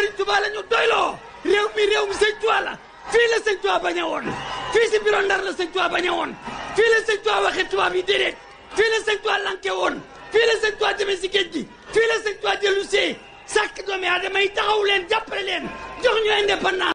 Serigne Touba la ñu doyloo réew mi réew mi Serigne Touba la fii la Serigne Touba bañ woon fii si biro Ndar la Serigne Touba bañ a woon fii la Serigne Touba waxee tubaab yi déedéet fii la Serigne Touba lanke woon fii la Serigne Touba demee si géej gi fii la Serigne Touba dellu see sàkk doomi aadama yi taxaw leen jàppale leen jox ñu indépendance